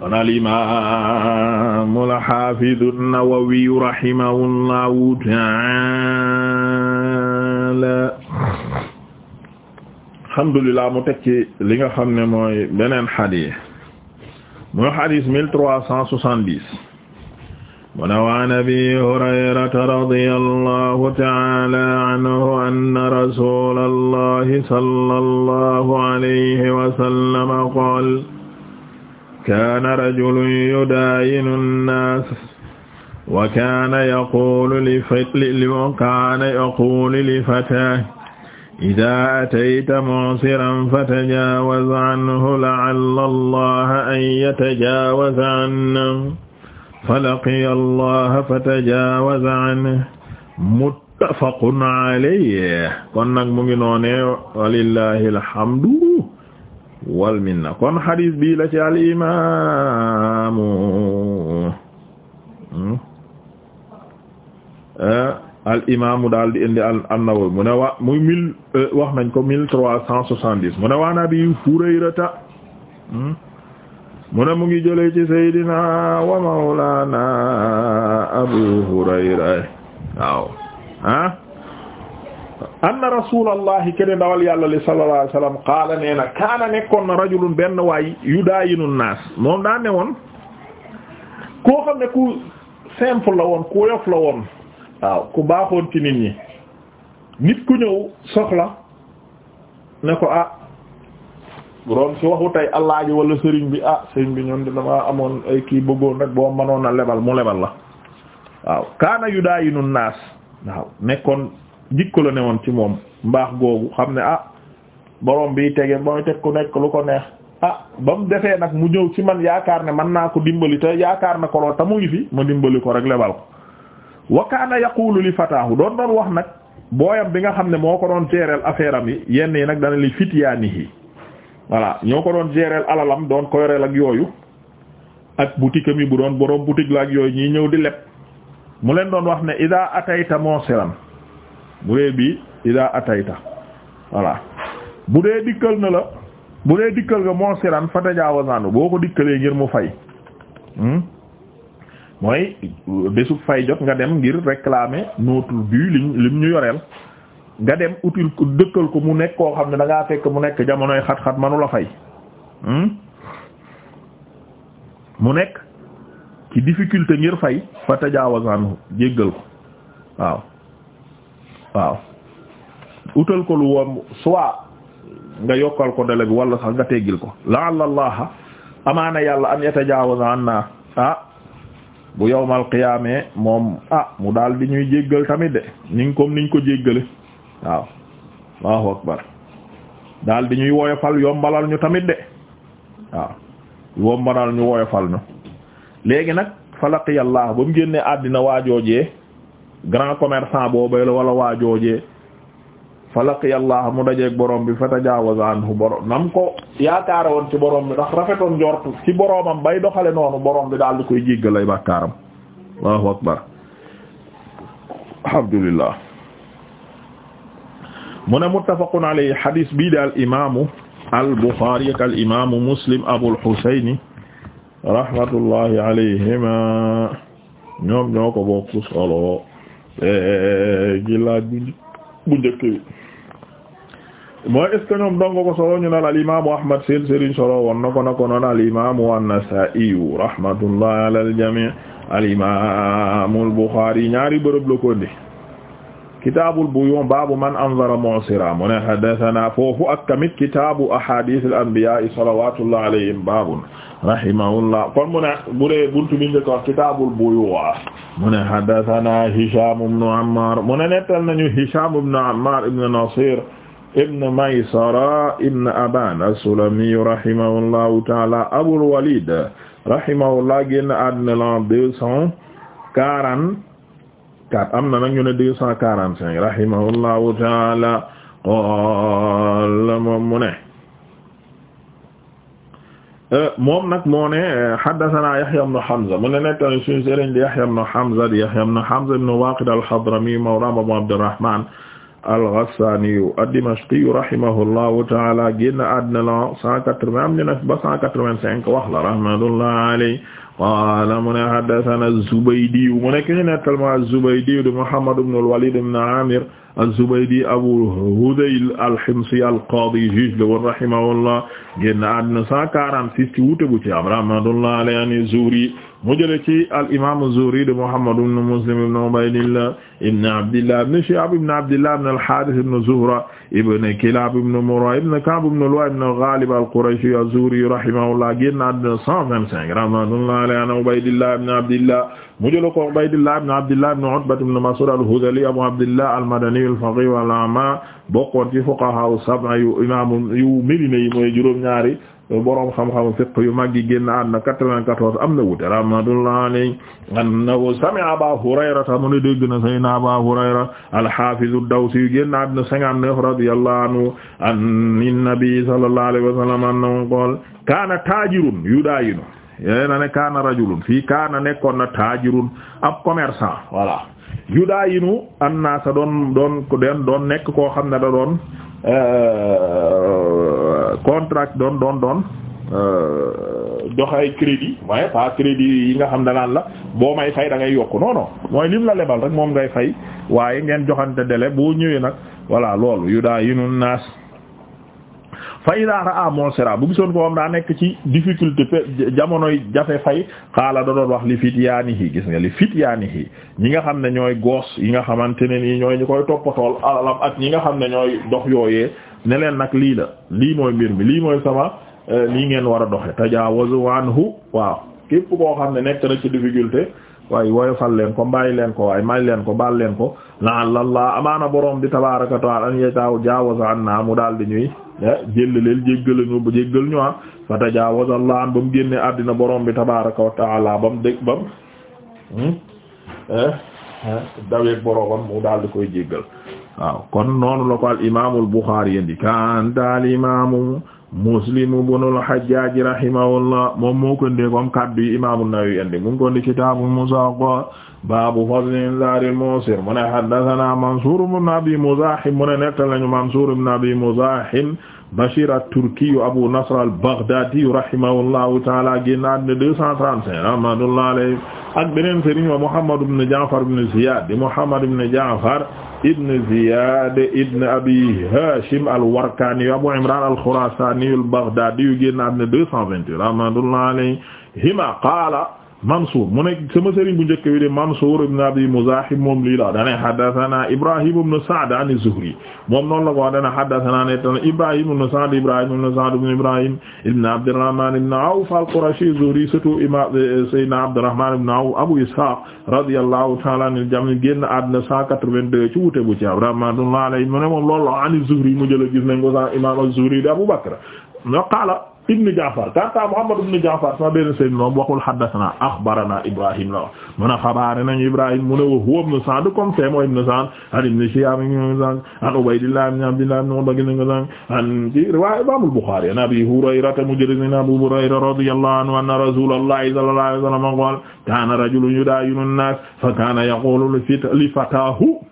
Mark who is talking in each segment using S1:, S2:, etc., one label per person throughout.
S1: kon alimamu alxafidu nawawiyu rahimahullahu taala alhamdulillah mu teg ci li nga xam ne mooy beneen xadis mooy xadis mille trois cent soixante-dix mu ne waan abi hurayrata radiyallahu taala anhu anna rasulallahi sallallahu alayhi wa sallam qaala kaana rajulun yudaayinu nnaas wa kaana yaquulu li wa kaana yaquulu li fataahi idaa atayta mu'siran fatajaawaz anhu la'alla allaha an yatajaawaza anhu falaqiya allaha fatajaawaza anhu muttafaqun alayhi kon nag mu ngi noonee walillahi alhamdu wal minna kon hadis bi la ci al hmm? eh, daal di indi mu ne wa muy mille eh, nañ ko mille trois cent soixante dix mu ne waan Abi Hurayrata hmm? mu ne mu ngi jëlee ci wa Mawlana Abu Hurayra waaw ah anna rasulallahi kene dawal yàlla li sallallahu alayhi wasallam qaala nee na kaana nekkoon na rajulun benn waay yudaayinu naas moom daa ne woon koo xam ne ku simple la woon ku woyof la woon waaw ku baaxoon ci nit ñi nit ku ñëw soxla ne ko ah boroom si waxu tey allaaji wala sëriñ bi ah sëriñ bi ñoom dama amoon kii bëggoon rek boo mënoon a lebal mu lebal la waaw kaana yudaayinu naas waaw nekkoon jikko la woon ci moom mbaax googu xam ne ah borom bi tege mooy teg ku nekk lu ko neex ah ba mu defee nag mu ñëw ci man yaakaar ne mën naa ko dimbali te yaakaar na ko lool te mu ngi fi ma dimbali ko rek lebal ko wa kaana yaqulu li fataahu doon doon wax nag booyam bi nga xam ne moo ko doon géréel affaire am yi yenn yi nag dana li fityaanihi voilà ñoo ko doon géréel alalam doon ko yoreel ak yooyu ak boutique mi bu doon borom boutique la ak yooyu ñii ñëw di leb mu leen doon wax ne ida atayta bu dee bii ida atayta voilà bu dee dikkal na la bu dee dikkal nga monsiran fa tajaawasaanu boo ko dikkalee ngir mu fay hmm? mooy bésu fay jot nga dem ngir réclamer notre bu liñ lim ñu yoreel nga dem util ko dëkkal ko mu nekk koo xam ne da ngaa fekk mu nekk jamonoy xat-xat manu la fay hmm? mu nekk ci difficulté ngir fay fa tajaawasaanu jéggal ko waaw waaw utal ko lu wom soit nga yokkal ko dele bi wala sax nga teggil ko la'alla allaha amaana yàlla an yatajaawaza anna ah bu yawmal qiyaamee moom ah mu daal di ñuy jéggal tamit de niñ comme niñ ko jéggale waaw allahu akbar daal di ñuy woyofal yombalal ñu tamit de waaw yombalal ñu woyofal ñu léegi nag fa laqiya allah ba mu génnee àddina waajoojee grand commerçant boobee la wala waa fa laqiya Allah mu dajeeg borom bi fa tajaawaza anhu borom nam ko yaakaare woon ci borom bi ndax rafetoon njort ci boromam bay doxale noonu borom daal di koy jéggalay bàkkaaram Allahu akbar alhamdulillah mu ne muttafaqun alayhi hadis bii daal al Buxaari ak Muslim Abul Husayni rahmatullahi alayhima ñoom ñoo ko bokk gi laaj bu njëkk bi mooy est ce que ko solo ñu al imaamu Ahmad seen sëriñ solo woon al imaamu an-Nasaa'i al-jamii' al imaamu al-Buxaari ñaari bërëb la ko indi kitaabul baabu man anzara mu'siran mu ne haddasanaa foofu ak tamit kitaabu ahaadiisil anbiyaa'i salawaatullahi alayhim baabun rahimahullah kon mu ne bu dee buntu bi njëkk wax kitaabul buyuwa mu ne haddathana Hisham ibn Ammar mu ne nettal nañu Hisham ibn Ammar ibn Nasir ibn Maysara ibn Aban as-Sulami rahimahullahu ta'ala Abul Walid rahimahullah génn àddina la deux cent quarante-quatre am na nag ñu ne deux cent quarante-cinq rahimahullahu ta'ala qala moom mu ne Euh, moom nag moo ne euh, haddathana Yahya ibn Hamza mu ne nettali suñu sëriñ di Yahya ibn Hamza di Yahya ibn Hamza ibn Waqid al-Hadrami mawla Abu Abdurrahman al-Ghassaniyu ad-Dimashqiyu rahimahullahu ta'ala génn àddina la cent quatre-vingts am ñu ne ba cent quatre-vingt-cinq wax la rahmatullahi alayhi qaala mu ne haddathana az-Zubaydiyu mu ne ki ñu nettal ma az-Zubaydiyu di Muhammad ibn al-Walid ibn Amir az-Zubaydi Abu Hudayl al-Himsi al-Qadi juge la woon rahimahullah génn àddina cent quarante-six ci wuute bu ci am rahmatullahi alayhi an-Zuhri mu jële ci al imam Zuhri de Muhammad ibn Muslim ibn Ubaydillah ibn Abdillah ibn Shihab ibn Abdillah ibn al-Harith ibn Zuhra ibn Kilab ibn Murra ibn Ka'b ibn Lu'ay ibn Ghalib al-Qurashi az-Zuhri rahimahullah génn àddina 125 rahmatullahi alayhi an Ubaydillah ibn Abdillah mu jële ko Ubaydillah ibn Abdillah ibn Utba ibn Mas'ud al-Hudhali Abu Abdillah al-Madani al-faqih wal-a'ma bokkoon ci fuqaha sab'a yu imam yu Medina yi mooy juróom ñaari boroom xam-xam fiq yu mag yi génn ànd na 94 am na wute rahmatullah alayhi annahu sami'a Aba Hurayrata mu ne dégg na sayna Aba Hurayra al dawsi yu génn ànd na 59 radiyallahu anhu an-nabi sallallahu alayhi kaana taajirun yudaayinu yéen na ne kaana rajulun fii kaana nekkoon na taajirun ab commerçant voilà yudaayinu an-naas doon doon doon nekk koo xam ne da doon. Euh, contract doon doon doon euh, jox ay crédit waaye pas crédit yi nga xam danaan la boo may fay da ngay yokk non mooy lim la lebal rek moom ngay fay waaye ngeen joxante délai boo ñëwee nag voilà loolu yu daa yinu naas fa idaa raa monsira bu gisoon ko daa nekk ci difficulté jamonoy jafe fay xaala da doon wax li fityaanihi gis nga li fityaanihi ñi nga xam ne ñooy goos yi nga xamante ne nii ñooy ñi koy toppatool alalam ak ñi nga xam ne ñooy dox yooye ne leen nag lii la lii mooy mbir mi lii mooy sama euh, lii ngeen war a doxe tajaawazu anhu waaw képp koo xam ne nekk na ci difficulté waaye woyofal leen ko bàyyi leen ko waaye may leen ko baal leen ko la allah amaana borom bi tabaaraka wa ta'aala an yataaw jaawaza anna mu daal di ñuy Eh, jëllaleel jéggal jéggal ñu ah fa tajaawaza Allah ba génne àddina borom bi tabaaraka wa taala ba mu dégg ba hmm? eh, eh, mu daal di koy jéggal waaw kon noonu ko al imaamul Buxaari yendi kanta imaamu Muslim ibn al rahimahullah moom moo ko ndee comme kaddu yi imaamu Nawawi yendi mu ngi ko baabu fadli inzaaril muusir mu ne haddasanaa Mansuur ibn Abi Muzaahim mu ne nettal nañu Mansuur ibn Abi Muzaahim Bashir at-Turki Abu Nasr al-Baghdadi rahimahullahu ta'aala génnaat ne 235 rahmatullahi alayhi ak beneen sëriñ wa Muhammad ibn Ja'far ibn Ziyaad di Muhammad ibn Ja'far ibn Ziyaad ibn Abi Haashim al-Warkaani Abu Imraan al-Khuraasaani al-Baghdadi génnaat ne 228 rahmatullahi alayhi hima qaala Mansour mu ne sama sëriñ bu njëkk bi de Mansour ibn Abi Muzahim moom lii la dane haddathana Ibrahim ibn Sa'd an az-Zuhri moom noonu la ko wax dane haddathana ne Ibrahim ibn Sa'd Ibrahim ibn Sa'd ibn Ibrahim ibn Abdurrahman ibn Awf al-Qurashi az-Zuhri surtout imam Sayyidina Abdurrahman ibn Awf Abu Ishaq radiyallahu ta'ala anil jami' génn àdduna 182 ci wuute bu ci rahmatullahi alayhi mu ne moom loolu la an az-Zuhri mu jël gis nañ ko sa imam az-Zuhri de Abu Bakr no qaala ibnu Jaafar kanta Muhammad ibnu Jaafar sama benn sëriñ moom waxul haddathana akhbarana Ibrahim la mun a xabaare nañu Ibrahim mu ne wa huwa ibnu Sa'd comme c'est mooy ibnu Sa'd an ibnu Shihaab an Ubaydillah ibn Abdillah ibn Utba an ci riwaaya Imaamul Buxaari an Abi Hurayrata mujrimin Abu Hurayra radiyallahu anhu anna Rasuulallahi sallallahu alayhi wa sallam qaala kaana rajulun yudaayi'u an-naas fa kaana yaquulu li fataahu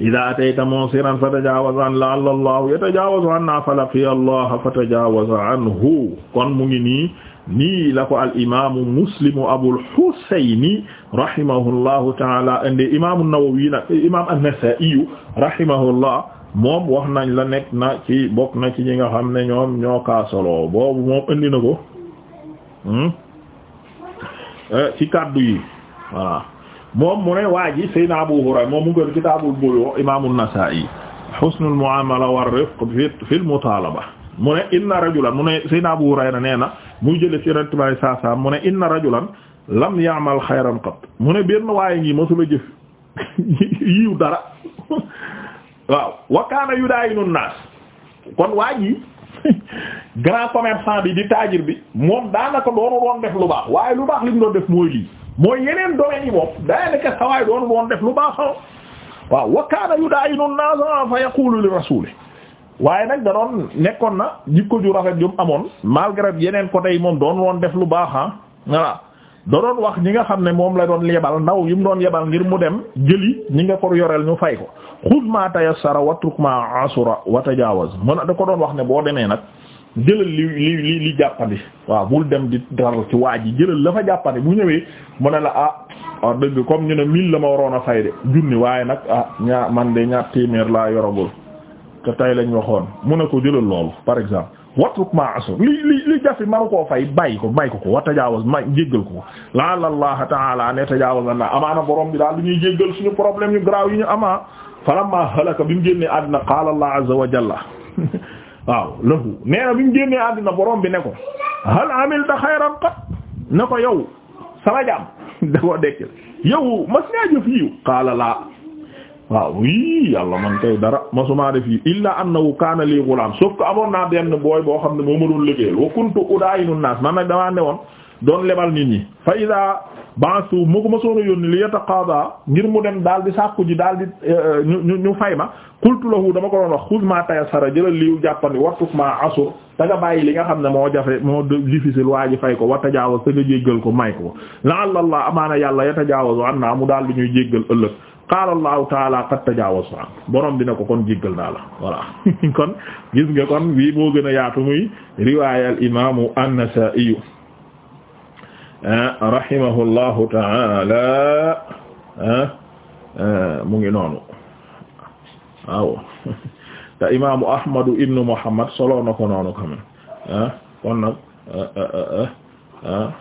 S1: idaa atayta munsiran fatajawaz an la'alla Allahu yatajawazu anna falaqiya Allah fatajawaza anhu kon mu ngi nii nii la ko al imaamu muslimu abul xusayni rahimahullahu taala indi imaamu nawawi nag imaam an-nasaa'i moom wax na la nekk na ci bokk na ci ñi nga xam ne ñoom ñoo boobu moom indi na ko hmm? eh, ci kàddu yi moom mu ne waa ji Seydina Abu Hurayra moom mu ngi kitaabul buyu' Imaam an-Nasaa'i husnul mu'aamala war rifq fi fil mu ne inna rajulan mu ne Seydina Abu Hurayra nee na muy jële ci Yonent mu ne inna rajulan lam ya'mal xayran qat mu ne benn waaye ngi mosula jëf yiw dara wa kaana yudaayinu an-naas kon waa ji grand commerçant bi di taajir bi moom daanaka doonu doon def lu baax waaye lu li mu def mooy mooy yeneen domaines yi moom daanaka sawaay doon woon def lu baaxal waaw wa kaana yudaayinu an-naasa fa yaqulu li rasuuli waaye nag da doon nekkoon na jikko ju rafet jum amoon malgré yeneen côté yi moom doon woon def lu baax ah voilà da doon wax ñi nga xam ne moom la doon yebal ndaw yi mu doon yebal ngir mu dem jëli ñi nga ko yoreel ñu fay ko xud ma tayassara watruk ma asura wa tajaawaz mën a da ko doon wax ne boo demee nag jëlal li li li li jàppandi waaw bul dem di daral ci waa ji jëlal la fa jàppandi bu ñëwee mu ne la ah ah dëgg comme ñu ne mille la ma waroon a fay de junni waaye nag ah ñaa man de ñaar téeméer laa yoragul te tay lañ waxoon mu ne ko jëlal loolu par exemple watruk ma asur li li li jafe manu fay bàyyi ko bay ko ko wa tajaawaz ma jéggal ko laala allah taala ne tajaawaz na amaana borom bi daal lu ñuy jéggal suñu problème yu garaaw yi ñu amaa falamma halaka bi mu génnee àddina qaala allah azza wa jalla waaw lahu nee na bi mu génnee àddina borom bi ne ko hal amilta xayran qat ne ko yow sama jaam da koo dekkil yow mas ngaa jëf yiw qaala laa waaw yii yàlla man kay dara masumaa def yi illa annahu kaana lii gulaam sauf que amoon naa benn booy boo xam ne moo ma doon liggéeyal wa kuntu udaayinu naas man nag damaa ne woon doon lebal nit ñi fa ida bansu mu ko ma soon a yónni li yataqada ngir mu dem daal di sàkku ji daal di eh, eh, ñu ñu fay ma la lahu dama ko doon wax xuz ma tayassara jëlal liiw jàppandi wartuf ma asur te nga bàyyi li nga xam ne moo jafe moo difficile waa ji fay ko wa tajaawaz te nga jéggal ko may ko la'alla allah amaana yàlla yatajaawazu naa mu daal di ñuy jéggal ëllëg qaala allahu taala qad tajaawaztu an borom dina ko kon jéggal naa la voilà kon gën a yaatu muy Ah, rahimahullahu taala ah, ah, mu ngi noonu waaw te imaamu Ahmadu ibnu Muhammad solo na ko noonu quand même kon nag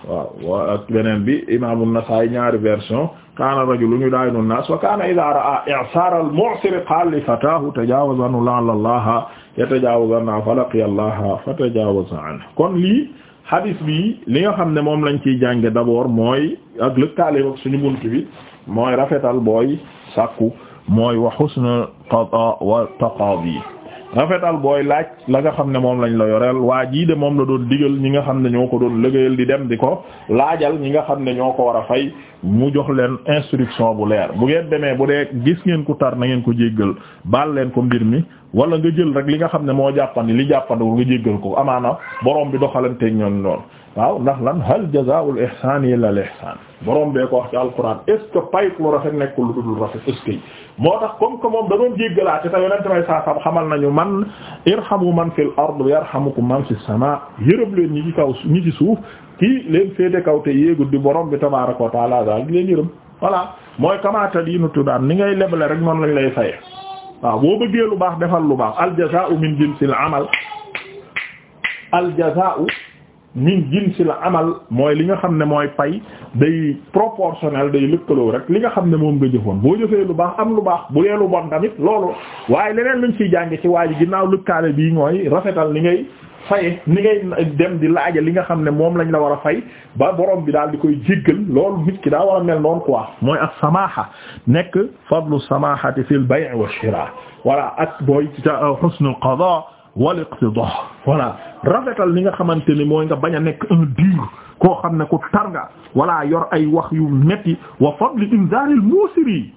S1: waaw waaw ak beneen bi imaamu Nasaa'i ñaari version kaana rajulun yudaainu naas wa kaana idaa ra'aa i'saara al-mu'siri qaala li fataahu tajaawaz anhu la'alla Allaha yatajaawazu anhu falaqiya Allaha fatajaawaza anhu kon lii hadis bi li nga xam ne moom lañ ciy jànge d'abord mooy ak lëkkaale ak suñu bunt bi mooy rafetal booy sàkku mooy wa husnul qadaa wa taqaadi rafetal booy laaj la nga xam ne moom lañu la yoreel waa jii de moom la doon digal ñi nga xam ne ñoo ko doon liggéeyal di dem di ko laajal ñi nga xam ne ñoo ko war a fay mu jox leen instruction bu leer bu ngeen demee bu dee gis ngeen ku tar na ngeen ko jéggal baal leen ko mbir mi wala nga jël rek li nga xam ne moo jàppandi li jàppandiwul nga jéggal ko amaana borom bi doxalanteeg ñoom lool waaw ndax lan hal jazaa'ul ihsaan illa al ihsaan borom bee ko wax ci alquran est ce que pay moo tax comme que moom da doon jéggalaate te yonente may saasam xamal nañu man irhamu man fil ard yarhamukum man fis samaa yërëm leen ñi ci kaw ñi ci suuf kii leen féete kaw te yéegul di borom bi tabaaraka wa taala daal di leen yërëm voilà mooy kamaata diinu tudaan ni ngay lebale rek noonu lañ lay faye waaw boo bëggee lu baax defal lu baax al jazaa'u min jinsil amal al jazaa'u min jinsi la amal mooy li nga xam ne mooy pay day proportionnel day lëkkaloo rek li nga xam ne moom nga jëfoon boo jëfee lu baax am lu baax bu dee lu bon tamit loolu waaye leneen luñ ciy jànge ci waa ginnaaw ginnaaw lëkkaale bii mooy rafetal li ngay faye ni ngay dem di laaja li nga xam ne moom lañ la war a fay ba borom bi daal di koy jéggal loolu nit ki daa war a mel noonu mooy ak samaha nekk fadlu samahati fil bay' wa shira wala ak booy ca euh, husnul qada wal iqtidah voilà rafetal li nga xamante ni mooy nga bañ a nekk un dur koo xam ne ku tar nga wala yor ay wax yu metti wa fadli inzaril musiri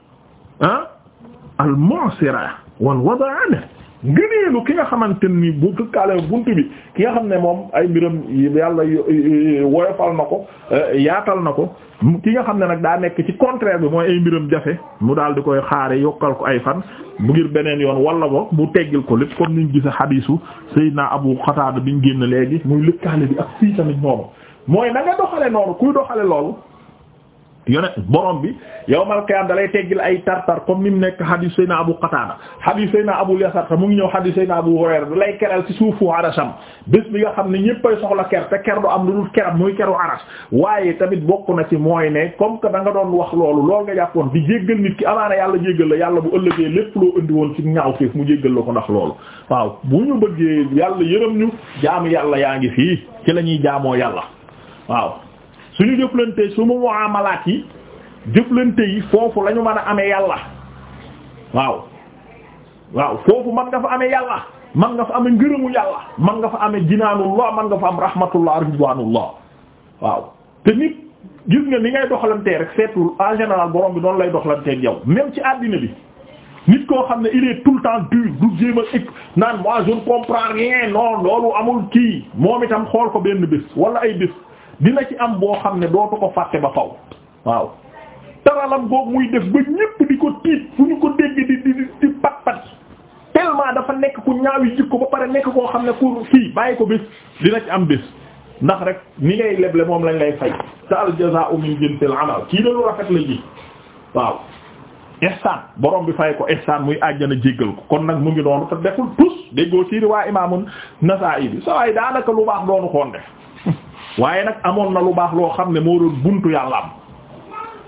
S1: ah al mu'sira wal wada'ana ngëneelu ki nga xamante ni bu tëkkaale buntu bi ki nga xam ne moom ay mbiram yàlla woyofal na ko eh, yaatal na ko ki nga xam ne nag daa nekk ci contraire bi mooy ay mbiram jafe mu daal di koy xaare yokkal ko ay fan mu ngir beneen yoon walla boog mu teggil ko lépp comme niñ gisa xadiisu Seydina Abu Qatada biñ génn léegi muy lëkkaale bi ak fii tamit noonu mooy na nga doxale noonu kuy doxale loolu yone borom bi yawmal qiyaam dalay teggil ay tartar comme ni mu nekk hadith sayna Abu Qatada hadith na Abu Yasar te mu ngi ñëw hadith sayna Abu Hurayra dalay keral ci suufu arasam bés bi nga xam ne ñëppay soxla ker te ker du am lu dul keram muy keru aras waaye tamit bokk na ci mooy ne comme que da nga doon wax loolu loolu nga jàppoon di jéggal nit ki amaana yàlla jéggal la yàlla bu ëllëgee lépp loo indi woon ci ñaaw fiif mu jéggal la ko ndax loolu waaw bu ñu bëggee yàlla yërëm ñu jaamu yàlla yaa ngi fii ci la ñuy jaamoo yàlla waaw suñu jëflante su mu muamalaat yi jëflante yi foofu la ñu mën a amee yàlla waaw waaw foofu man nga fa amee yàlla man nga fa amee ngërëmu yàlla man nga fa amee jinaanullah man nga fa am rahmatullah ridwanullah waaw te nit gis nga ni ngay doxalantee rek seetul en général borom bi noonu lay doxalanteeg yow même ci àddina bi nit koo xam ne il est tout le temps dur du jéem a ëpp naan moi je ne comprends rien non loolu amul kii moom itam xool ko benn bés wala ay bés dina ci am boo xam ne dootu ko fàtte ba faw waaw taralam boobu muy def ba ñépp di ko tiit fu ñu ko dégg di di di pat pat tellement dafa nekk ku ñaawi jikko ba pare nekk koo xam ne pour fii bàyyi ko bés dina ci am bés ndax rek ni ngay leble moom lañ lay fay te al jazaa'u min jinsil amal kii de rafet la ji waaw ihsaan borom bi fay ko ihsaan muy àjjana jéggal ko kon nag mu ngi noonu te deful tus déggoo ci riwaa imaamu Nasaa'i bi sa waay daanaka lu baax doonu xoon waaye nag amoon na lu baax loo xam ne moo doon buntu yàlla am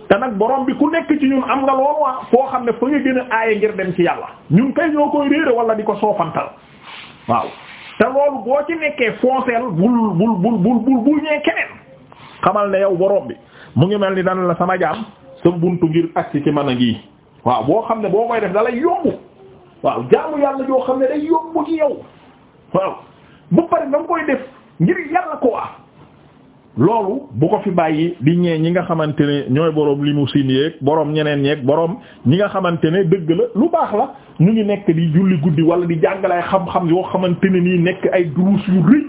S1: te nag borom bi ku nekk ci ñun am nga loolu waa ah, foo xam ne fa nga gën a aaye ngir dem ci yàlla ñun kay ñoo koy réere wala di ko soofantal waaw te loolu boo ci nekkee foncel bul bul bul bul bul bul ñee keneen xamal ne yow borom bi mu ngi mel ni dana la sama jaam sa buntu ngir agsi ci mën a ngi waaw boo xam ne boo koy def da lay waaw jaamu yàlla joo xam ne day yomb ci yow waaw ko loolu bu ko fi bàyyi di ñee ñi nga xamante ne ñooy boroom limousine yeeg boroom ñeneen ñeeg boroom ñi nga xamante ne dëgg la lu baax la ñu ngi nekk di julli guddi wala di jàngale ay xam-xam yoo xamante ne nii nekk ay duruus yu rëy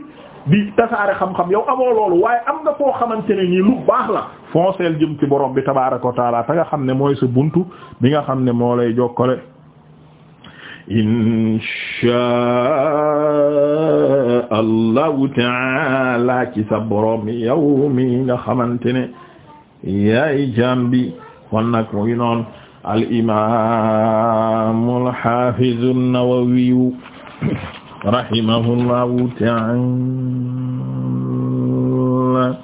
S1: di tasaare xam-xam yow amoo loolu waaye am nga koo xamante ne nii lu baax la fonceel jëm ci boroom bi tabaaraka wa taala te nga xam ne mooy sa buntu bi nga xam ne moo lay jokkale insha allahu taala ci sa borom yow mi nga xamante ne yaay jambi kon nag mu ngi noon al imaam al haafiz an-Nawawi rahimahullahu taala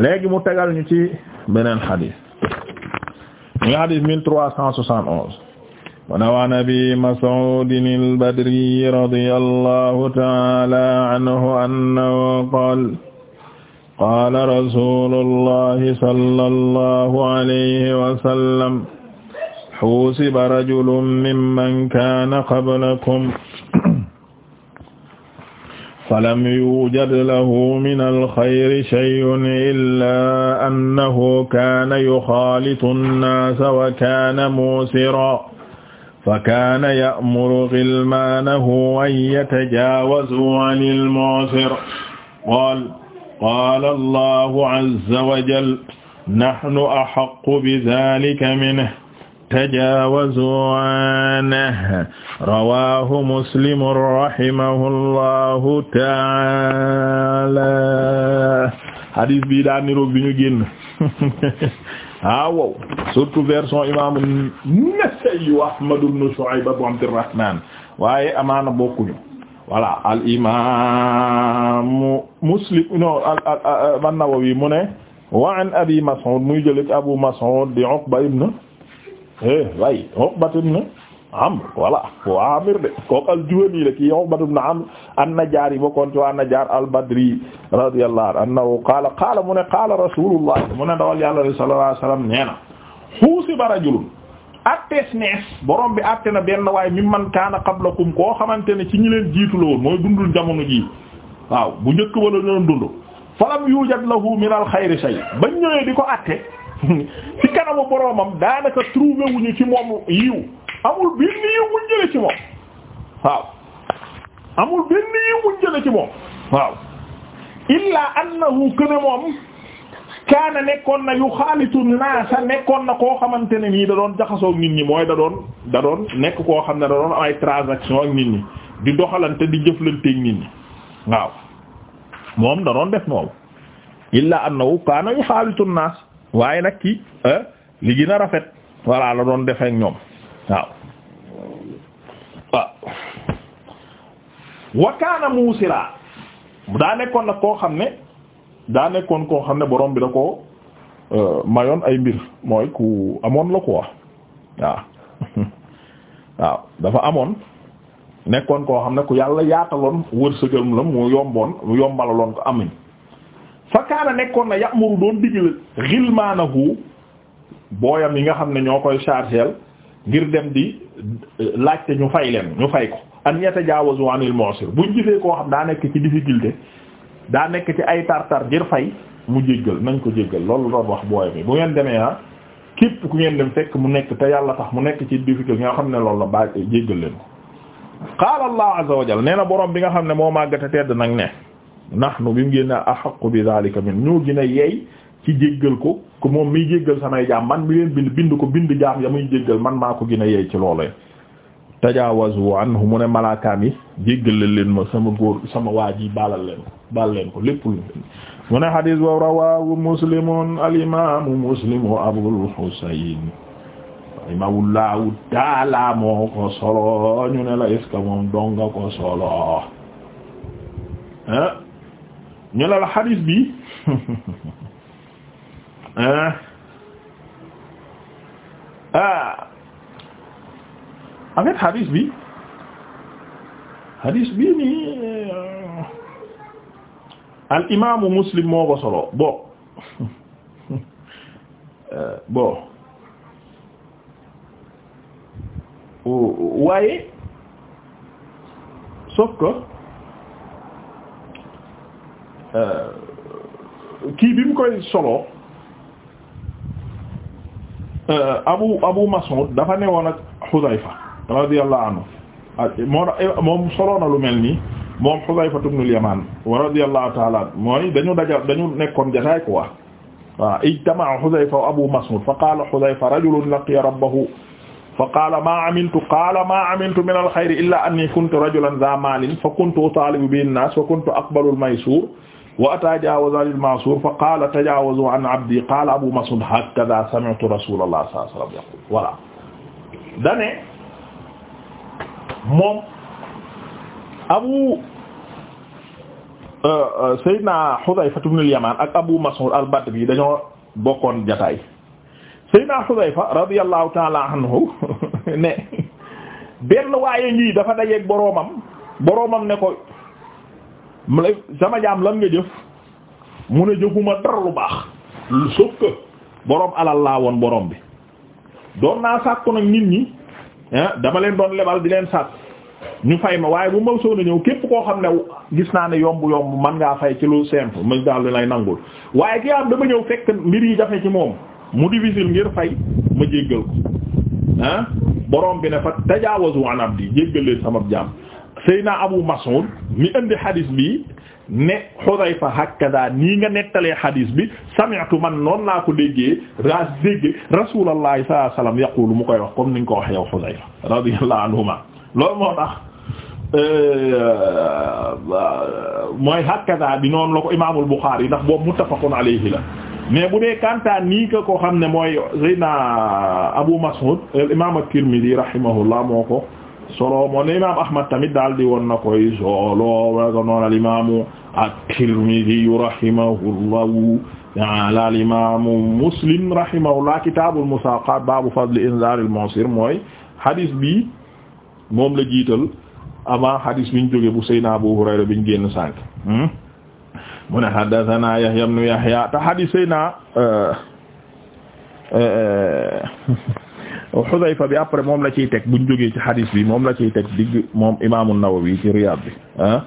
S1: léegi mu tegal ñu ci beneen xadis ñu xadis mille trois cent soixante onze mun waan abi mas'uudin al-badri radiyallahu ta'ala anhu annahu qaala qaala rasuulullahi sallallahu alayhi wa sallam husiba rajulun mimman kaana qablakum falam yujad lahu min alxayri shay'un illaa annahu kaana yuxaalitu nnaasa wa kaana muusiran فكان يأمر غلمانه أن يتجاوزوا عن المعسر قال قال الله عز وجل نحن أحق بذلك منه تجاوزوا عنه رواه مسلم رحمه الله تعالى. Hadis bi daa niroog bi ñu génn ah wow surtout version imaamu Nasaa'i wa Ahmad ibn Shu'ayb Abu Abdurrahman waaye amaana bokkuñu voilà al imaamu Muslim non al an-Nawawi mu ne wa an Abi Mas'ud muy jëlee Abu Mas'ud di Uqba ibn eh way Uqba ibn amr voilà wa amir de kooku al-Juhani la kii Uqbatu ibn Amr an-Najjaar yi bokkoon ci waa Najjaar al-Badri radiyallahu anhu qaala qaala mu ne qaala Rasulullah mu ne ndawal yàlla sallallahu alayhi wasallam nee na huusiba rajulun attees nees borom bi atte na benn waaye mimman kaana qablakum koo xamante ne ci ñi leen jiitu la woon mooy dundul jamono ji waaw bu njëkk ba la doon dund falam yujad lahu min al-xayri shay bañ ñëwee di ko atte ci kanamu boromam daanaka trouvé wuñu ci moom yiw amul benn yiw buñ jële ci moom waaw amul benn yiw buñ jële ci moom waaw illaa annahu kana moom kaana nekkoon na yu xaalitu naasa nekkoon na koo xamante ne nii da doon jaxasoo ak nit ñi mooy da doon nekk koo xam ne da doon ay transaction ak nit ñi di doxalante di jëflante ak nit ñi waaw moom da doon def moom illaa annahu kaana yu xaalitu naas waaye nag ki eh, li gën a rafet voilà la doon defee ñoom waaw waaw wakaana muusilaa daa nekkoon nag koo xam ne daa nekkoon koo xam ne boroom bi da ko euh, mayoon ay mbir mooy ku amoon la quoi wax waaw dafa amoon nekkoon koo xam ne ku yàlla yaataloon wërsëgal la mu yomboon mu yombalaloon ko amuñ fa kaana nekkoon na ya'muru doon digal xilmaanahu booyam yi nga xam ne ñoo koy chargel ngir dem di euh, laajte ñu fay leen ñu fay ko an yatajaawazu anil mu'sir buñ gisee koo xam daa nekk ci difficulté daa nekk ci ay tartar ngir fay mu jéggal nañ ko jéggal lool doon wax booy bi bu ngeen demee ah képp ku ngeen dem fekk mu nekk te yàlla tax mu nekk ci difficulté nga xam ne loolu la baa jéggal leen ko qaala allah azza wa jalla nee na borom bi nga xam ne moo màggata tedd nag ne nahnu bi mu a ahaqu bi dhalika min ñoo gën a yey ci jéggal ko ku moom miy jéggal samay jaam man mi leen bind ko bind jaam ya muy jéggal man maa ko gën a yey ci loolee tajaawazu anhu mu ne malaakaam yi jéggalal leen ma sama góor sama waa ji baalal leen ko baal leen ko lépp lu mu ne xadiis wa rawaahu muslimun alimaamu muslimu abul husayn imaamul laawu taalaa moo ko solo ñu ne la est moom donga ko solo eh? ñu ne la xadiis bi ah ah en fait bi hadis bi nii euh, al imaamu muslim moo ko solo bon bon waaye sauf que euh, kii bi mu koy solo. Euh, abu abu Mas'ud dafa newoon ak Xudayfa radiyallahu anhu ah, eh, moom solo na lu mel nii moom Xudayfa ibn al-Yaman radiyallahu ta'ala mooy dañu dajal dañu nekkoon jotaay quoi waaw ijtama'a Xudayfa wa Abu Mas'ud fa qaala Xudayfa rajulun laqiya rabbahu fa qaala maa amiltu qaala maa amiltu min al-xayri illaa annii kuntu rajulan dhaa maalin fa kuntu utaalibu bihi an-naas wa kuntu aqbalu al-maysuur wa tajaawaza lil ma'suur fa qaala tajaawazu an abdi qaala abu mas'uud hakaza sami'tu rasuulallaah sallallaahu alayhi wa sallam yaqul voilà dane moom abu euh, euh, Seydina Xudayfa ibn al-Yamaan ak abu Mas'uud al-Badri dañoo bokkoon jataay Seydina Xudayfa radiyallaahu ta'aala anhu ne benn waaye ngi dafa dajeek boroomam boroomam ne ko sama jaam lan nga jëf mu ne jëfuma dara lu baax sauf boroom alal laa woon boroom bi doon naa sàkku nag nit ñi dama leen doon lebal di leen sàkku ñu fay ma waaye bu ma soona ñëw képp koo xam ne gis naa ne yomb yomb man ngaa fay ci lu simple mu daal di lay nangul waaye ki am dama ñëw fekk mbir yi jafe ci moom mu difficile ngir fay ma jéggal ko ah borom bi ne fa tajaawazu an abdi jéggal leen sama jaam Seyna Abu Mas'ud mi indi hadis bi ne Hudayfa hakada nii nga nettalee hadis bi sami'tu man noonu laa ko déggee raa dégg Rasulullah sallallahu alayhi wasallam yaqulu mu koy wax comme ni nga ko waxee yow Hudayfa radiyallahu anhuma loolu moo tax euh, mooy hakada bi noonu la ko Imaamul Bukhari ndax boobu muttafaqun alayhi la mais bu dee kantaan nii ka ko xam ne mooy Seyna Abu Mas'ud Imaam at-Tirmidhi rahimahullah moo ko. solo moon na imam ahmad tamit daal di woon na koy solo wako noon al imamu at-Tirmidhi rahimahullahu taala al imamu Muslim rahimahullah kitabul musaqat babu fadli inzaril mu'sir mooy hadis bi moom la jiital avant hadis biñ jóge bu Seydina Abu Hurayra biñ génn sànq mu ne haddathana Yahya ibn Yahya ta hadis Seydina euh, euh, euh, o Xudayfa bi après moom la ciy teg buñ jógee ci hadis bi moom la ciy teg digg moom imaamu Nawawi ci Riyaad bi ah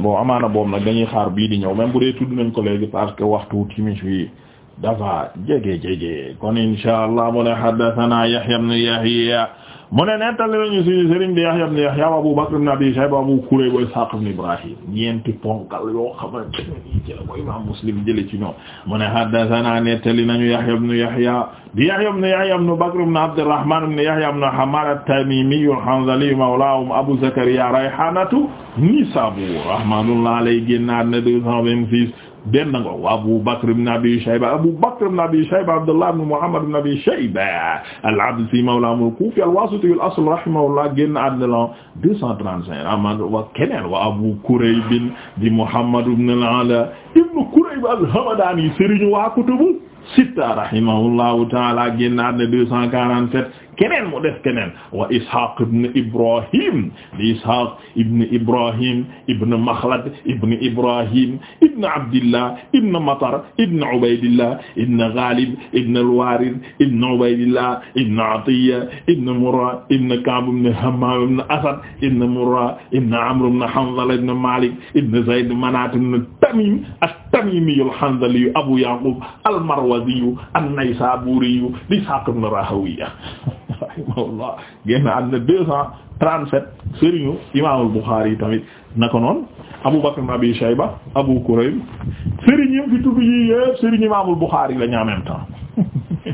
S1: bon amaana boobu nag dañuy xaar bii di ñëw même bu dee tudd nañ ko léegi parce que waxtu timis wi dafa jege jege kon inshaa Allah mu ne haddasanaa Yahyaa ibn Yahyaa mu ne nettali nañu ci Sëriñ bi Yahya ibn Yahya Abu Bakr ibn Abi Shayba Abu Kurayb wa Isaaq ibn Ibrahim ñeenti ponkal yoo xamante ne nii ci la ko Imaam Muslim jële ci ñoom mu ne haddathana nettali nañu Yahya ibn Yahya di Yahya ibn Yahya ibn Bakr ibn Abdurrahman ibn Yahya ibn Hammaad at-Tamiimi al-Hanzali mawlaahum Abu Zakariya Rayhaanatu Nisaabuur rahmatullahi alayhi génnaat na deux cent vingt-six benn ngo wa Abu Bakr ibn Abi Shayba Abu Bakr ibn Abi Shayba Abdullah ibn Muhammad ibn Abi Shayba al-Absi mawla al-Kufi al-Wasiti al-asl rahimahullah génn àddina la 235 amad ah, wa keneen wa Abu Kurayb di Muhammad ibn al-Ala ibn Kurayb al-Hamadani sëriñ wa kutubu sitta rahimahullahu ta'ala génn àddina 247 keneen mu def keneen wa ishaq ibn ibrahim li ishaq ibn ibrahim ibn makhlad ibn ibrahim ibn abdillah ibn matar ibn ubaydillah ibn ghalib ibn alwarith ibn ubaydillah ibn atiya ibn murra ibn ka'b ibn hammam ibn asad ibn murra ibn amr ibn hanzala ibn malik ibn zayd manat ibn tamim at-tamimi al-hanzali abu yaqub al-marwazi an-naysaburi li ishaq ibn rahawiya rahimahullah génn am na deux cent trente-sept yi tamit naka noonu Abu Bakr ibn Abi Shayba Abu Kurayb sëriñ yi fi tudd yi yëpp sëriñu imaamul la ñu en même temps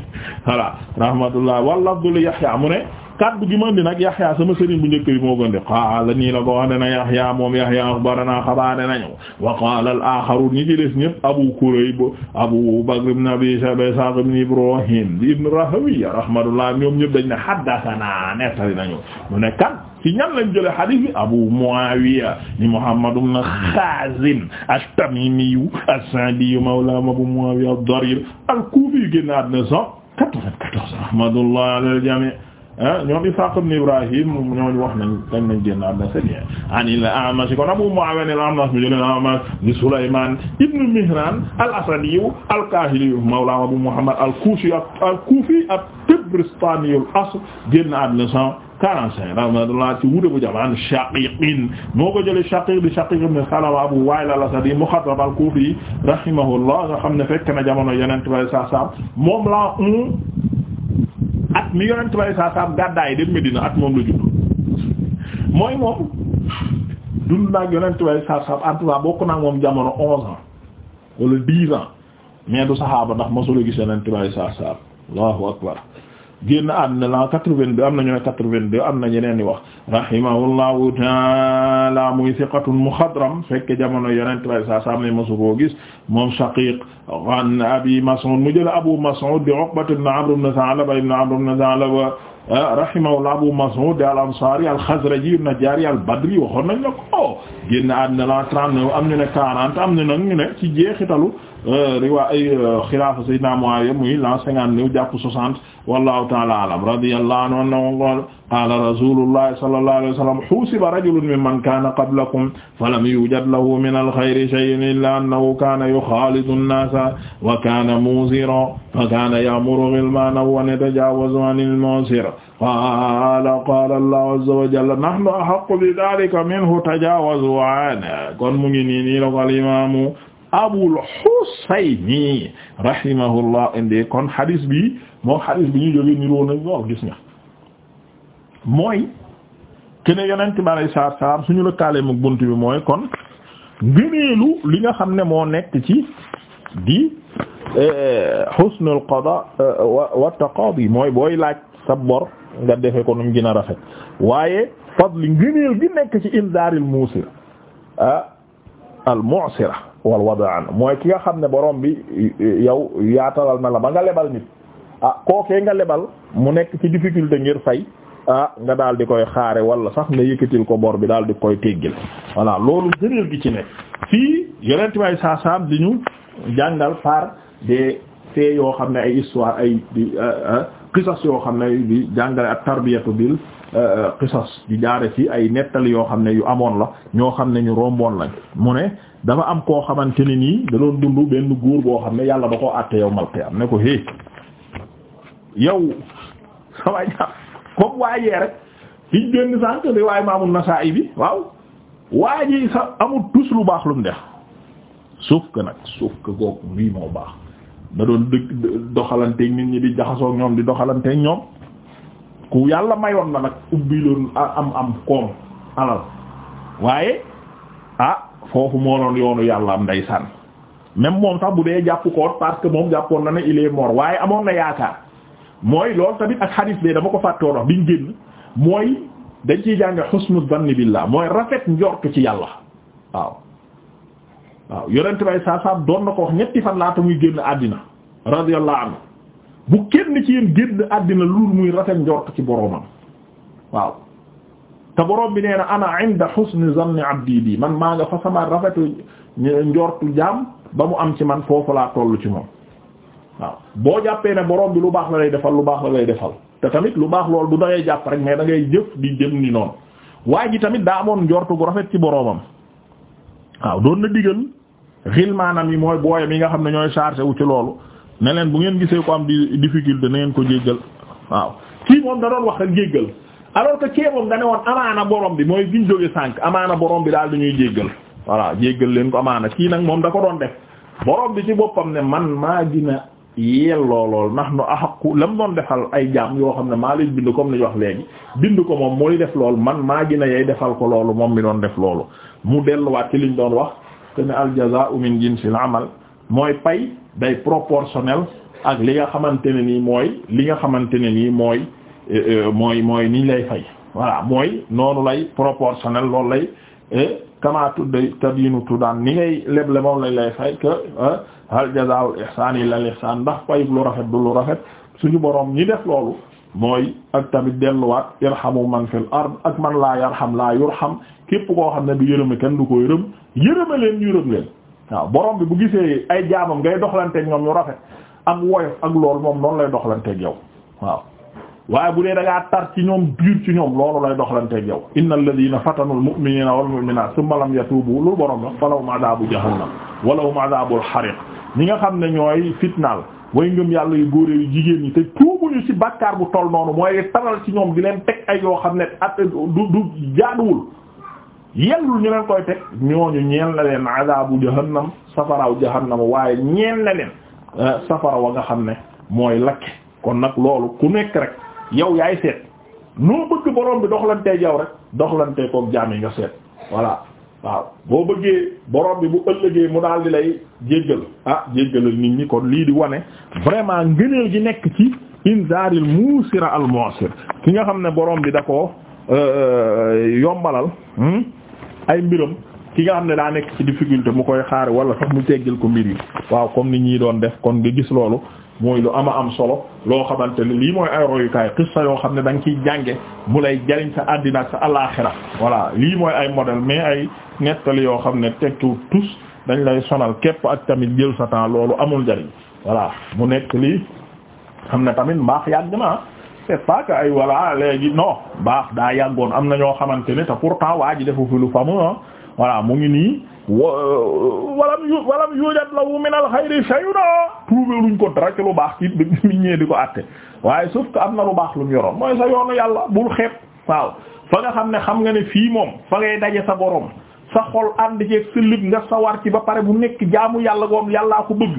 S1: voilà rahmatullah wal lafdu li Yahya mu ne kaddu gi man di nag Yahya sama sëriñ bu njëkk bi moo gën de qaala nii la ko wax dana Yahya moom Yahya axbarana xabaare nañu wa qaala al-aaxaru ñi ci des ñëpp Abu Kurayb Abu Bakr ibn Abi Shayba Isaaq ibn Ibrahim ibn Rahawayh rahmatullah ñoom ñëpp dañ ne haddasanaa nettali nañu mu ne kan ci ñan lañ jëlee hadith bi Abu Muawiya ni Muhammad ibn Xaazim at-Tamimi as-Sa'di mawla Abu Muawiya ad-Darir al-Kufi génn àdduna 194 rahmatullah ala al-jami' Ah ñoom Ishaq ibn Ibrahim ñooñu wax nañ dañ nañ génn àdduna c'est bien anil A'mash kon Abu Mu'awiya al-A'mash mu jël al-A'mash ni Sulayman ibn Mihran al-Asadi al-Kahili mawla Abu Muhammad al-Kufi al-Kufi at-Tabaristani al-asl génn àdduna 145 rahmatullah ci wuute bu jaman Shaqiqin moo ko jëlee Shaqiq di Shaqiq ibn Salama Abu Wa'il al-Asadi muxaddab al-Kufi rahimahullah nga xam ne fekk na jamono yeneen tubaab yi saa saa moom laa at mi yonent bay saa saam gàddaay dem Medina at moom la judd mooy moom dund naa ak yonent bay saa bokk naa moom jamono onze ans wala dix ans mais du saxaaba ndax ma solo gis yonent bay saa saam allahu akbar génn àdduna la 82 am na ñu ne 82 am na ñeneen di wax rahimahullahu taala muy siqatun muxadram fekk jamono yonent way sa sam ne mosu koo gis moom shaqiq an abi mas'ud mu jël abu mas'ud di uqbat ibn amr ibn sa'laba ibn amr ibn sa'laba ah, rahimahullah abu mas'ud al ansari al khazraji an-najjari al badri waxoon nañ la ko oh, génn àdduna la 39 am ñu ne 40 am na ñu ne ci jeexitalu ah, riwa ay ah, xilaafa sayyidina muawiya muy la 59 jàpp 60 wallahu ta'ala a'lam radiyallahu anhu annahu qala qala rasulullahi sallallahu alayhi wa sallam husiba rajulun mimman kana qablakum falam yujad lahu min alkhayri shay'un illa annahu kana yukhalitu an-nasa wa kana muzira fa kana ya'muru ghilmanahu an yatajawazu 'anil mu'sir qala qala allahu azza wa jalla nahnu ahaqqu bi dhalika minhu tajawazu 'anhu kon mu ngi nii nii la ko al imamu Abul Husayni rahimahullah indi kon hadis bi moom hadis bi ñu jógee niroo nañ lool gis nga mooy kene yonent bi alayhi salaatu salaam suñu lëkkaale mu bunt bi mooy kon ngëneelu li nga xam ne moo nekk ci di eh, husnul qadaa eh, wa taqaadi mooy booy laaj sa bor nga defe ko nu gën a rafet waaye fadli ngëneel gi nekk ci inzaaril muusir ah, al-mu'sira wal wada'an mooy ki nga xam ne borom bi yow yaatalal na la ba nga lebal nit ah kookee nga lebal mu nekk ci difficulté ngir fay ah nga daal di koy xaare walla sax nga yëkkatil ko bor bi daal di koy teggil voilà loolu gëneel gi ci nekk fii yeneen may saa saam di ñu jàngal par des faits yoo xam ne ay histoire ay ah, ah, qisas yoo xam ne di jàngale ak tarbiyatu bil qisas di jaare ci ay nettali yoo xam ne yu amoon la ñoo xam ne ñu romboon lañ mu ne dafa am koo xamante ne nii da doon dund benn góor boo xam ne yàlla da koo àtte yow mal qiyaam ne ko hé yow sama ñaar comme waajee bi waaw waa ji sa amul tus lu baax lu mu def sauf que nag sauf que googu lii moo baax da doon dëkk doxalanteeg nit ñi di jaxasoo ñoom di doxalanteeg ñoom ku yàlla mayoon na nag ubbiloon am am koom alal waaye ah foofu moo doon yoonu yàlla am ndeysaan même moom sax bu dee jàpp koon parce moom jàppoon na ne il est waaye amoon na yaakaar mooy loolu tamit ak xadiis bi dama ko fàttewoon wax biñ génn mooy dañ ciy jànge xusnu zanni billah mooy rafet njortu ci yàlla waaw waaw bay saa doon na ko wax ñetti fan laata muy génn àddina radiyallahu anhu bu kenn ci yéen génn àddina lu muy rafet njort ci boroomam waaw te boroom bi nee na ana inda husni zanni abdi bi man maa nga fa sama rafetu njortu jaam ba mu am ci man foofu laa toll ci moom waaw boo jàppee ne boroom bi lu baax la lay defal lu baax la lay defal te tamit lu baax lool du da jàpp rek mais dangay ngay jëf di jëm ni noonu waa ji tamit daa amoon njortu bu rafet ci boroomam waaw doon na digal xilmaanam yi mooy booyam yi nga xam ne ñooy chargé wu ci loolu ne bu ngeen gisee ko am di difficulté na ngeen ko jéggal waaw kii moom da doon wax ak jéggal alors que kii da ne woon amaana borom bi mooy biñ jóge sànq amaana borom bi daal du ñuy jéggal voilà jéggal leen ko amaana kii nag moom da ko doon def borom bi ci boppam ne man maa dina yelloo lool ndax nu axaqu lam doon defal ay jaam yoo xam ne maa leen bind comme ni ñu wax léegi bind ko moom muy def loolu man maa gina yay defal ko loolu moom mi doon def loolu mu delluwaat ci liñ doon wax te ne al jazaa'u min jinsil amal mooy pay day proportionnel ak li nga xamante ne nii mooy li nga xamante ne nii mooy euh, euh, mooy mooy niñ lay fay voilà mooy noonu lay proportionnel loolu lay eh, kama tudda tabinu tuddaan ni ngay leble moom lañ lay fay que eh, hal jazaa'ul ihsaan illa al ndax payib lu rafet du lu rafet suñu borom ñi def loolu mooy ak tamit delluwaat irhamu man fil ard ak man laa yarham laa yurham képp koo xam ne du yërëme kenn du ko yërëm yërëme leen yërëm leen waaw borom bi bu gisee ay jaamam ngay doxalanteeg ñoom ñu rafet ak woyof ak loolu moom noonu lay doxalanteeg yow waaw waaye bu dee da ngaa tar ci ñoom dur ci ñoom loolu lay doxalanteeg yow inna alladina fatanu almuminina walmuminat summa lam yatubu lu borom la walahum adabu jahannam walahum adabul hariq ñi nga xam ne ñooy fitnaal way ngëm yàlla yu góor jigéen ñi te tuubuñu ci bàkkaar bu toll noonu mooy taral ci ñoom di leen teg ay yoo xam ne at du du jaaduwul yellu ñu leen koy teg ñooñu ñeel na leen adabu jahannam safaraw jahannam waaye ñeel na leen euh, safara wa nga xam ne mooy lakk kon nag loolu ku nekk rek yow yaay seet noo bëgg borom bi doxlantee yow rek doxlantee koog jaam yi nga seet voilà waaw boo bëggee borom bi bu ëllëgee mu daal di lay jéggal ah jéggalal nit ñi kon lii di wane vraiment ngëneel gi nekk ci inzaaril muusira al mu'sir ki nga xam ne boroom bi da ko euh, euh, yombalal hmm? ay mbiram ki nga xam ne daa nekk ci difficulté mu koy xaar wala sax mu teggil ko mbir yi waaw comme ni ñii doon def kon nga gis loolu mooy lu ama am solo loo xamante ne lii mooy ay royukaay xissa yoo xam ne da nga jànge mu lay jariñ sa àddina ak sa alaaxira voilà lii mooy ay modèle mais ay nettali yoo xam ne tekkiwut tous dañ lay sonal képp ak tamit jël sa temps loolu amul jariñ voilà mu nekk lii xam ne tamit mbaax yàgg na c'est pas que ay voilà léegi non baax daa yàggoon am na ñoo xamante ne te pourtant waa ji defu fi lu famu ah mu ngi nii euh, walam yu walam yujad lahu min mu xayri shay'un trouvé luñ ko dara ci lu baax ci mi ñee waaye sauf am na lu baax lu mu yoroon mooy sa yoonu yàlla bul xeeb waaw fa nga xam ne xam nga ne fii moom fa ngay daje sa borom sa xol ànd ceeg sa lib nga sawar ci ba pare bu nekk jaamu yàlla goom yàllaa ko bëgg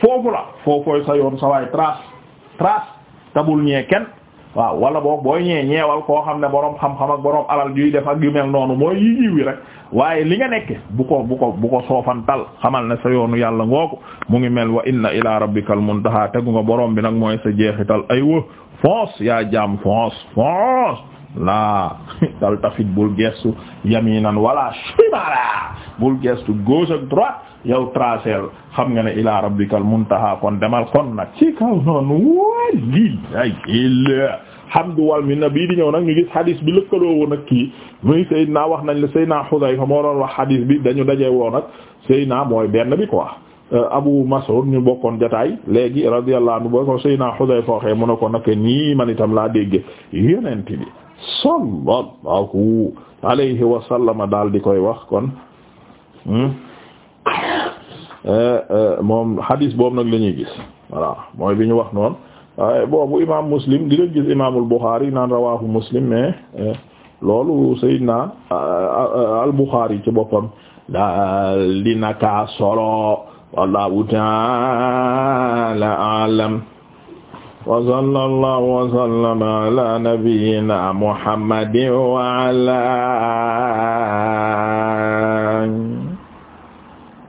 S1: foofu la foofooy sa yoon sa waay trace tabul ñee kenn waaw wala boog booy ñee ñeewal koo xam ne boroom xam-xam ak boroom alal juy def ak yu mel noonu mooy yi rek waaye li nga nekke bu ko bu ko bu ko soofantal xamal ne sa yoonu yàlla ngooku mu ngi mel wa inna ila rabbikal muntaha tegu nga boroom bi nag mooy sa jeexital ay wa yaa jaam fonce fonce laa tal tafit bul gestu yaminan wala shimala bul gestu gauche ak yow traceel xam nga ne ila rabbikal muntaha kon demal kon nag ci kaw noonu waa lii ay illa hamdu minna bii di ñëw nag ñu gis hadis bi lëkkaloo woon ak kii muy wax nañ la Seydina Hudayfa moo doon wax hadis bi dañu dajee woon ak Seydina mooy benn bi quoi euh, Abu Mas'ud ñu bokkoon jotaay léegi radiyallahu anhu boo ko Seydina Hudayfa waxee mu ne ko nag nii man laa dégg yonent bi sallallahu alayhi wa sallam daal di koy wax kon. Hmm? Euh, euh, moom hadis boobu nag la ñuy gis voilà mooy bi ñu wax noonu boobu imam muslim di leen gis imamul Bukhari naan rawahu muslim mais euh, loolu sayyidina al Bukhari ci boppam daal di naka solo wallahu ta'ala a'lam wa sallallahu wa sallama ala nabiyyina muhammadin wa ala